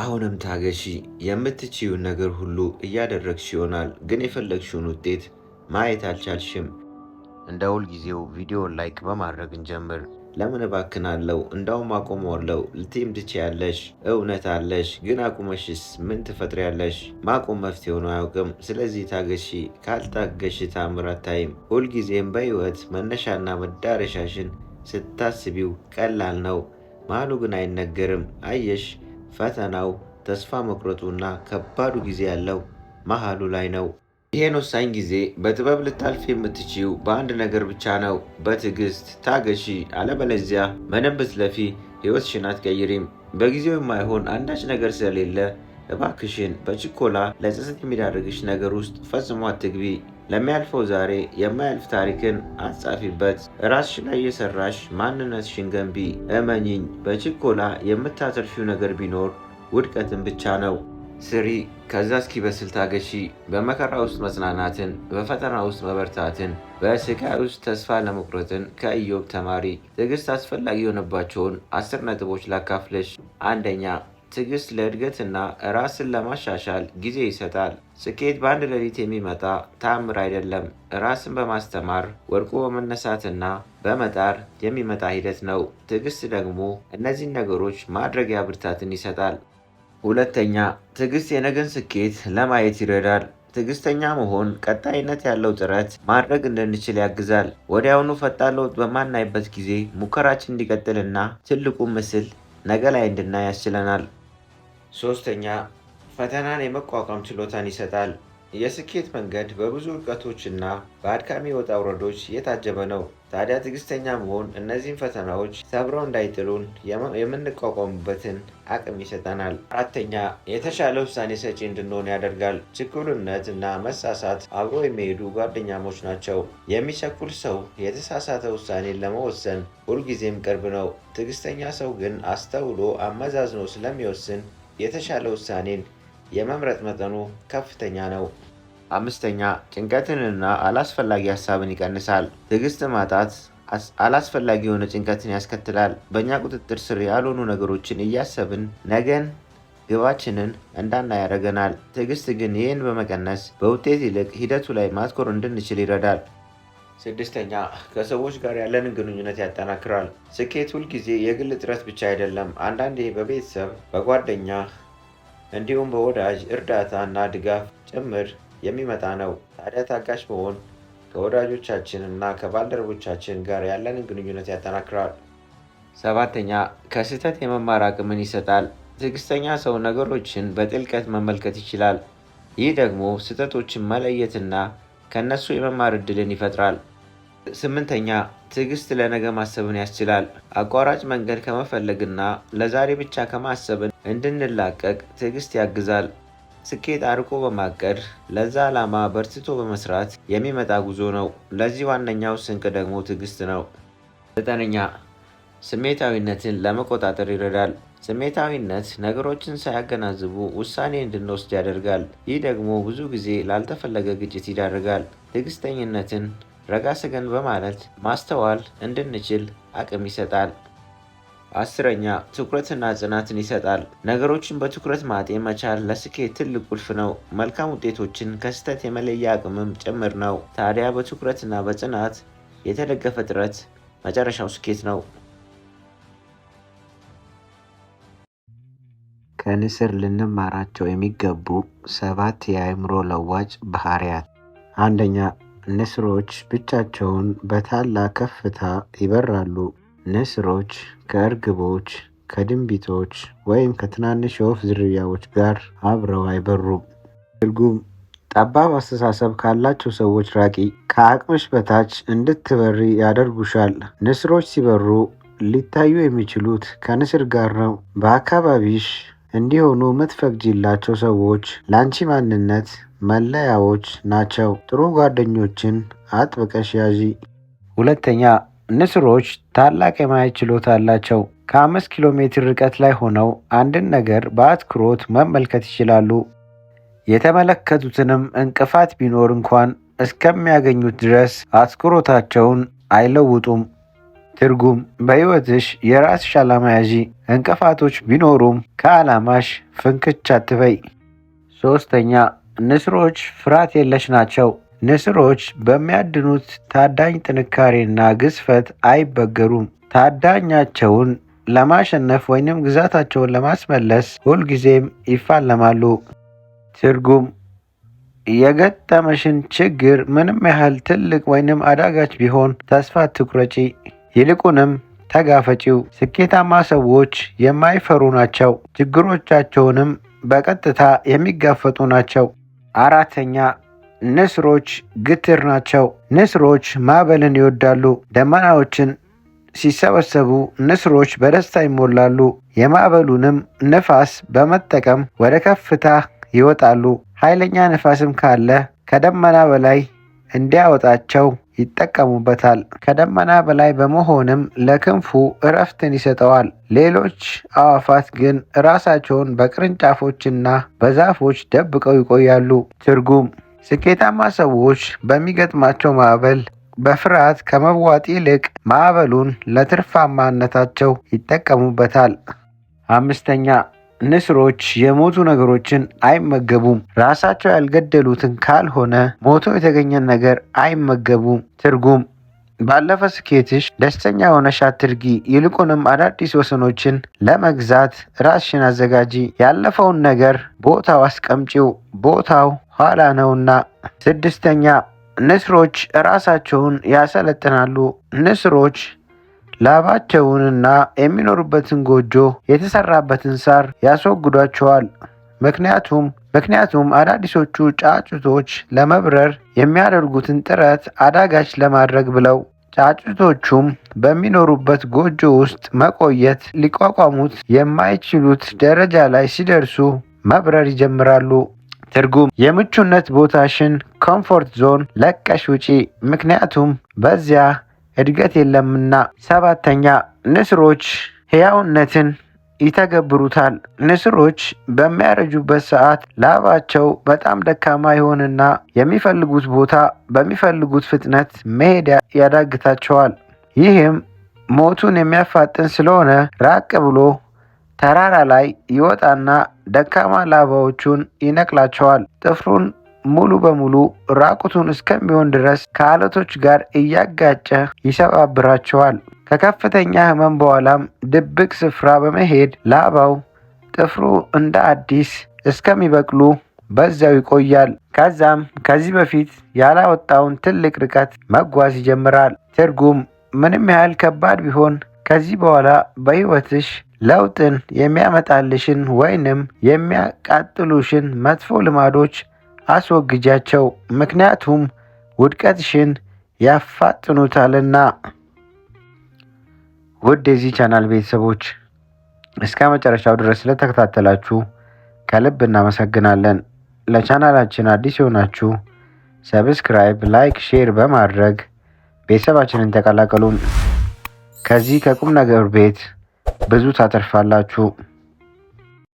አሁንም ታገሺ። የምትችዩን ነገር ሁሉ እያደረግሽ ይሆናል፣ ግን የፈለግሽውን ውጤት ማየት አልቻልሽም። እንደ ሁልጊዜው ቪዲዮን ላይክ በማድረግ እንጀምር። ለምን እባክናለው? እንዳውም አቁመዋለሁ። ልትም ትችያለሽ፣ እውነት አለሽ። ግን አቁመሽስ ምን ትፈጥሪያለሽ? ማቆም መፍትሄ ሆኖ አያውቅም። ስለዚህ ታገሺ። ካልታገሽ ታምር አታይም። ሁልጊዜም በህይወት መነሻና መዳረሻሽን ስታስቢው ቀላል ነው፣ መሀሉ ግን አይነገርም። አየሽ ፈተናው ተስፋ መቁረጡና ከባዱ ጊዜ ያለው መሃሉ ላይ ነው። ይህን ወሳኝ ጊዜ በጥበብ ልታልፍ የምትችው በአንድ ነገር ብቻ ነው፣ በትዕግስት ታገሺ። አለበለዚያ ምንም ብትለፊ ሕይወትሽን አትቀይሪም። በጊዜው የማይሆን አንዳች ነገር ስለሌለ እባክሽን በችኮላ ለጸጸት የሚዳርግሽ ነገር ውስጥ ፈጽሞ አትግቢ። ለሚያልፈው ዛሬ የማያልፍ ታሪክን አትጻፊበት። ራስሽ ላይ የሰራሽ ማንነትሽን ገንቢ። እመኚኝ፣ በችኮላ የምታተርፊው ነገር ቢኖር ውድቀትን ብቻ ነው። ስሪ፣ ከዛ እስኪበስል ታገሺ። በመከራ ውስጥ መጽናናትን፣ በፈተና ውስጥ መበርታትን፣ በስቃይ ውስጥ ተስፋ ለመቁረጥን ከኢዮብ ተማሪ። ትዕግስት አስፈላጊ የሆነባቸውን አስር ነጥቦች ላካፍለሽ። አንደኛ ትዕግስት ለእድገትና ራስን ለማሻሻል ጊዜ ይሰጣል። ስኬት በአንድ ሌሊት የሚመጣ ተአምር አይደለም። ራስን በማስተማር ወድቆ በመነሳትና በመጣር የሚመጣ ሂደት ነው። ትዕግስት ደግሞ እነዚህን ነገሮች ማድረጊያ ብርታትን ይሰጣል። ሁለተኛ፣ ትዕግስት የነገን ስኬት ለማየት ይረዳል። ትዕግስተኛ መሆን ቀጣይነት ያለው ጥረት ማድረግ እንድንችል ያግዛል። ወዲያውኑ ፈጣን ለውጥ በማናይበት ጊዜ ሙከራችን እንዲቀጥልና ትልቁ ምስል ነገ ላይ እንድናይ ያስችለናል። ሶስተኛ ፈተናን የመቋቋም ችሎታን ይሰጣል። የስኬት መንገድ በብዙ እውቀቶችና በአድካሚ ወጣ ውረዶች የታጀበ ነው። ታዲያ ትዕግስተኛ መሆን እነዚህን ፈተናዎች ሰብረው እንዳይጥሉን የምንቋቋምበትን አቅም ይሰጠናል። አራተኛ የተሻለ ውሳኔ ሰጪ እንድንሆን ያደርጋል። ችኩልነት እና መሳሳት አብሮ የሚሄዱ ጓደኛሞች ናቸው። የሚቸኩል ሰው የተሳሳተ ውሳኔን ለመወሰን ሁልጊዜም ቅርብ ነው። ትዕግስተኛ ሰው ግን አስተውሎ አመዛዝኖ ስለሚወስን የተሻለ ውሳኔን የመምረጥ መጠኑ ከፍተኛ ነው። አምስተኛ ጭንቀትንና አላስፈላጊ ሀሳብን ይቀንሳል። ትዕግስት ማጣት አላስፈላጊ የሆነ ጭንቀትን ያስከትላል። በእኛ ቁጥጥር ስር ያልሆኑ ነገሮችን እያሰብን ነገን ግባችንን እንዳና ያደርገናል። ትዕግስት ግን ይህን በመቀነስ በውጤት ይልቅ ሂደቱ ላይ ማትኮር እንድንችል ይረዳል። ስድስተኛ ከሰዎች ጋር ያለንን ግንኙነት ያጠናክራል። ስኬት ሁልጊዜ የግል ጥረት ብቻ አይደለም። አንዳንዴ በቤተሰብ፣ በጓደኛ እንዲሁም በወዳጅ እርዳታ እና ድጋፍ ጭምር የሚመጣ ነው። ታዲያ ታጋሽ መሆን ከወዳጆቻችን እና ከባልደረቦቻችን ጋር ያለንን ግንኙነት ያጠናክራል። ሰባተኛ ከስህተት የመማር አቅምን ይሰጣል። ትዕግስተኛ ሰው ነገሮችን በጥልቀት መመልከት ይችላል። ይህ ደግሞ ስህተቶችን መለየትና ከእነሱ የመማር እድልን ይፈጥራል። ስምንተኛ ትዕግስት ለነገ ማሰብን ያስችላል። አቋራጭ መንገድ ከመፈለግና ለዛሬ ብቻ ከማሰብን እንድንላቀቅ ትዕግስት ያግዛል። ስኬት አርቆ በማቀድ ለዛ ዓላማ በርትቶ በመስራት የሚመጣ ጉዞ ነው። ለዚህ ዋነኛው ስንቅ ደግሞ ትዕግስት ነው። ዘጠነኛ ስሜታዊነትን ለመቆጣጠር ይረዳል። ስሜታዊነት ነገሮችን ሳያገናዝቡ ውሳኔ እንድንወስድ ያደርጋል። ይህ ደግሞ ብዙ ጊዜ ላልተፈለገ ግጭት ይዳርጋል። ትዕግስተኝነትን ረጋስ ግን በማለት ማስተዋል እንድንችል አቅም ይሰጣል። አስረኛ ትኩረትና ጽናትን ይሰጣል። ነገሮችን በትኩረት ማጤን መቻል ለስኬት ትልቅ ቁልፍ ነው። መልካም ውጤቶችን ከስህተት የመለያ አቅምም ጭምር ነው። ታዲያ በትኩረትና በጽናት የተደገፈ ጥረት መጨረሻው ስኬት ነው። ከንስር ልንማራቸው የሚገቡ ሰባት የአእምሮ ለዋጭ ባህሪያት አንደኛ ንስሮች ብቻቸውን በታላቅ ከፍታ ይበራሉ። ንስሮች ከእርግቦች፣ ከድንቢቶች ወይም ከትናንሽ የወፍ ዝርያዎች ጋር አብረው አይበሩም። ትርጉም ጠባብ አስተሳሰብ ካላቸው ሰዎች ራቂ፣ ከአቅምሽ በታች እንድትበሪ ያደርጉሻል። ንስሮች ሲበሩ ሊታዩ የሚችሉት ከንስር ጋር ነው። በአካባቢሽ እንዲሆኑ የምትፈቅጂላቸው ሰዎች ለአንቺ ማንነት መለያዎች ናቸው። ጥሩ ጓደኞችን አጥብቀሽ ያዢ። ሁለተኛ ንስሮች ታላቅ የማየት ችሎታ አላቸው። ከአምስት ኪሎ ሜትር ርቀት ላይ ሆነው አንድን ነገር በአትኩሮት መመልከት ይችላሉ። የተመለከቱትንም እንቅፋት ቢኖር እንኳን እስከሚያገኙት ድረስ አትኩሮታቸውን አይለውጡም። ትርጉም በሕይወትሽ የራስሽ ዓላማ ያዢ። እንቅፋቶች ቢኖሩም ከዓላማሽ ፍንክች አትበይ። ሶስተኛ፣ ንስሮች ፍርሃት የለሽ ናቸው። ንስሮች በሚያድኑት ታዳኝ ጥንካሬና ግዝፈት አይበገሩም። ታዳኛቸውን ለማሸነፍ ወይንም ግዛታቸውን ለማስመለስ ሁልጊዜም ይፋለማሉ። ትርጉም የገጠመሽን ችግር ምንም ያህል ትልቅ ወይንም አዳጋች ቢሆን ተስፋ ትቁረጪ ይልቁንም ተጋፈጪው። ስኬታማ ሰዎች የማይፈሩ ናቸው፣ ችግሮቻቸውንም በቀጥታ የሚጋፈጡ ናቸው። አራተኛ ንስሮች ግትር ናቸው። ንስሮች ማዕበልን ይወዳሉ። ደመናዎችን ሲሰበሰቡ ንስሮች በደስታ ይሞላሉ። የማዕበሉንም ንፋስ በመጠቀም ወደ ከፍታ ይወጣሉ። ኃይለኛ ንፋስም ካለ ከደመና በላይ እንዲያወጣቸው ይጠቀሙበታል። ከደመና በላይ በመሆንም ለክንፉ እረፍትን ይሰጠዋል። ሌሎች አዕዋፋት ግን ራሳቸውን በቅርንጫፎችና በዛፎች ደብቀው ይቆያሉ። ትርጉም ስኬታማ ሰዎች በሚገጥማቸው ማዕበል በፍርሃት ከመዋጥ ይልቅ ማዕበሉን ለትርፋማነታቸው ይጠቀሙበታል። አምስተኛ ንስሮች የሞቱ ነገሮችን አይመገቡም። ራሳቸው ያልገደሉትን ካልሆነ ሞቶ የተገኘን ነገር አይመገቡም። ትርጉም ባለፈ ስኬትሽ ደስተኛ ሆነሽ አትርጊ፣ ይልቁንም አዳዲስ ወሰኖችን ለመግዛት ራስሽን አዘጋጂ። ያለፈውን ነገር ቦታው አስቀምጪው፣ ቦታው ኋላ ነውና። ስድስተኛ ንስሮች ራሳቸውን ያሰለጥናሉ። ንስሮች ላባቸውንና የሚኖሩበትን ጎጆ የተሰራበትን ሳር ያስወግዷቸዋል። ምክንያቱም ምክንያቱም አዳዲሶቹ ጫጩቶች ለመብረር የሚያደርጉትን ጥረት አዳጋች ለማድረግ ብለው ጫጩቶቹም በሚኖሩበት ጎጆ ውስጥ መቆየት ሊቋቋሙት የማይችሉት ደረጃ ላይ ሲደርሱ መብረር ይጀምራሉ። ትርጉም የምቹነት ቦታሽን ኮምፎርት ዞን ለቀሽ ውጪ፣ ምክንያቱም በዚያ እድገት የለምና። ሰባተኛ ንስሮች ሕያውነትን ይተገብሩታል። ንስሮች በሚያረጁበት ሰዓት ላባቸው በጣም ደካማ ይሆንና የሚፈልጉት ቦታ በሚፈልጉት ፍጥነት መሄድ ያዳግታቸዋል። ይህም ሞቱን የሚያፋጥን ስለሆነ ራቅ ብሎ ተራራ ላይ ይወጣና ደካማ ላባዎቹን ይነቅላቸዋል። ጥፍሩን ሙሉ በሙሉ ራቁቱን እስከሚሆን ድረስ ከአለቶች ጋር እያጋጨ ይሰባብራቸዋል። ከከፍተኛ ህመም በኋላም ድብቅ ስፍራ በመሄድ ላባው ጥፍሩ እንደ አዲስ እስከሚበቅሉ በዛው ይቆያል። ከዛም ከዚህ በፊት ያላወጣውን ትልቅ ርቀት መጓዝ ይጀምራል። ትርጉም ምንም ያህል ከባድ ቢሆን ከዚህ በኋላ በሕይወትሽ ለውጥን የሚያመጣልሽን ወይንም የሚያቃጥሉሽን መጥፎ ልማዶች አስወግጃቸው፣ ምክንያቱም ውድቀትሽን ያፋጥኑታልና። ውድ የዚህ ቻናል ቤተሰቦች እስከ መጨረሻው ድረስ ስለተከታተላችሁ ከልብ እናመሰግናለን። ለቻናላችን አዲስ የሆናችሁ ሰብስክራይብ፣ ላይክ፣ ሼር በማድረግ ቤተሰባችንን ተቀላቀሉን። ከዚህ ከቁም ነገር ቤት ብዙ ታተርፋላችሁ።